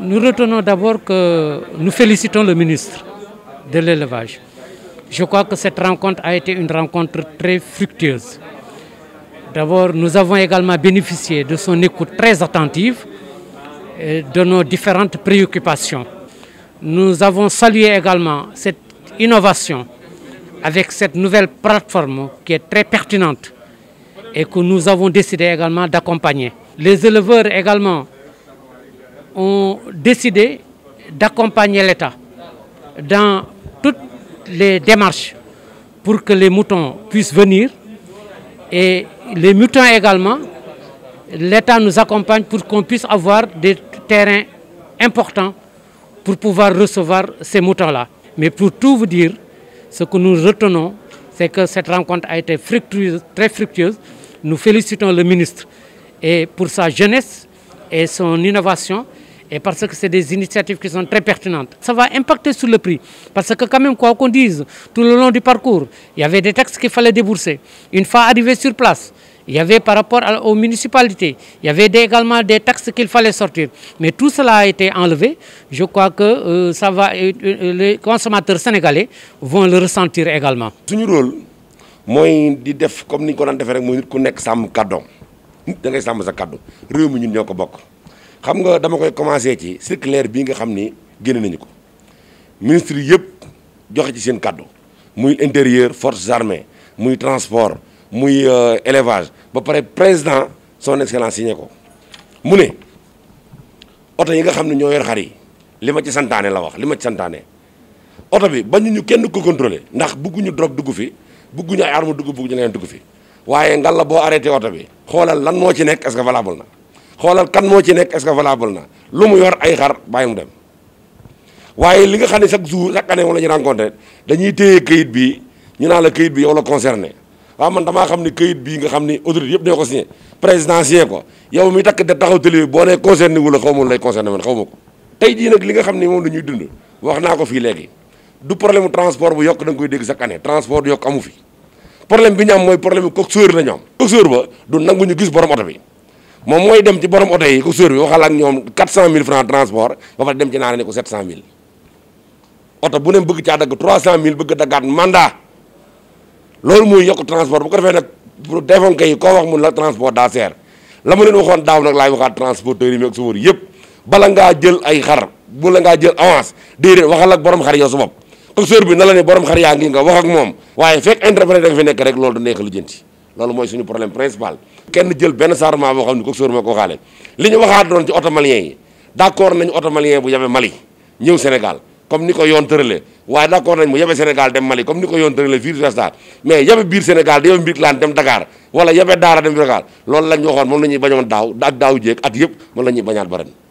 Nous retenons d'abord que nous félicitons le ministre de l'élevage. Je crois que cette rencontre a été une rencontre très fructueuse. D'abord, nous avons également bénéficié de son écoute très attentive et de nos différentes préoccupations. Nous avons salué également cette innovation avec cette nouvelle plateforme qui est très pertinente et que nous avons décidé également d'accompagner. Les éleveurs également ont décidé d'accompagner l'État dans toutes les démarches pour que les moutons puissent venir. Et les moutons également, l'État nous accompagne pour qu'on puisse avoir des terrains importants pour pouvoir recevoir ces moutons-là. Mais pour tout vous dire, ce que nous retenons, c'est que cette rencontre a été fructueuse, très fructueuse. Nous félicitons le ministre et pour sa jeunesse et son innovation et parce que c'est des initiatives qui sont très pertinentes. Ça va impacter sur le prix, parce que quand même, quoi qu'on dise, tout le long du parcours, il y avait des taxes qu'il fallait débourser. Une fois arrivé sur place, il y avait par rapport aux municipalités, il y avait également des taxes qu'il fallait sortir. Mais tout cela a été enlevé. Je crois que euh, va, euh, euh, les consommateurs sénégalais vont le ressentir également. Notre rôle, comme xam nga dama koy commencé ci circulaire bii nga xam ni génne nañu ko ministre yëpp joxe ci seen kàddu muy intérieur force armées muy transport muy euh, élevage ba pare président son excellence signé ko mu ne oto yi nga xam ne ñoo yor xar yi li ma ci santaane la wax li ma ci santaane oto bi bañu ñu kenn ko contrôler ndax bëgguñu drogue dugg fi bëgguñu ay arme dugg bëgguñu leneen dugg fi waaye ngal la boo arrêté oto bi xoolal lan moo ci nekk est-ce que valable na xolal kan mo ci nek est-ce valable na lu mu yor ay xar bàyyi dem waye li nga xam ne chaque jour chaque année moom la ñu rencontré dañuy téye kayit bi ñu na la kayit bi yow la concerné wa man dama xamni ne kayit bii nga xamni ne autorité yëpp ñoo signé présidentiel ko yow mi tak de taxaw télé bo né concerné wu la xawmu lay concerné man xaw ma ko. tey jii nag li nga xamni ne lañuy dund wax naa ko fi légui du problème transport bu yok da nga koy dégg chaque année transport yok amu fi problème bi ñam moy problème coxeur la ñom coxeur ba du nangu ñu gis borom auto bi mom moy dem ci borom auto yi ko sœur bi waxal ak ñom 400000 francs transport ba fa dem ci naane ko 700000 auto bu ne bëgg ci dagg 300000 bëgg dagat mandat lool moy yok transport bu ko nak pour défon kay ko wax mun la transport da seer la ma leen waxon daaw nak lay waxat transporteur yi mek chauffeur yépp bala nga jël ay xar bu la nga jël avance déedéet waxal ak borom xar yow ya sa ko sœur bi na la ne borom xar ya ngi nga wax ak mom waye fek interprète fi nek rek lool do neex lu jënti lool moy suñu problème principal kenn jël benn sarment boo xam ne ko sóor ma ko waxaale li ñu waxaat doon ci oto malien yi d'accord nañu oto malien bu yabe Mali ñëw Sénégal comme ni ko yoon tërale waaye d'accord nañ mu yabe Sénégal dem Mali comme ni ko yoon tërale vice versa mais yabe biir Sénégal di yabe Mbirkelane dem Dakar wala yabe Daara dem Dakar loolu lañ waxoon moom la ñuy bañoon daaw ak daaw jéeg at yëpp moom la ñuy bañaat ba ren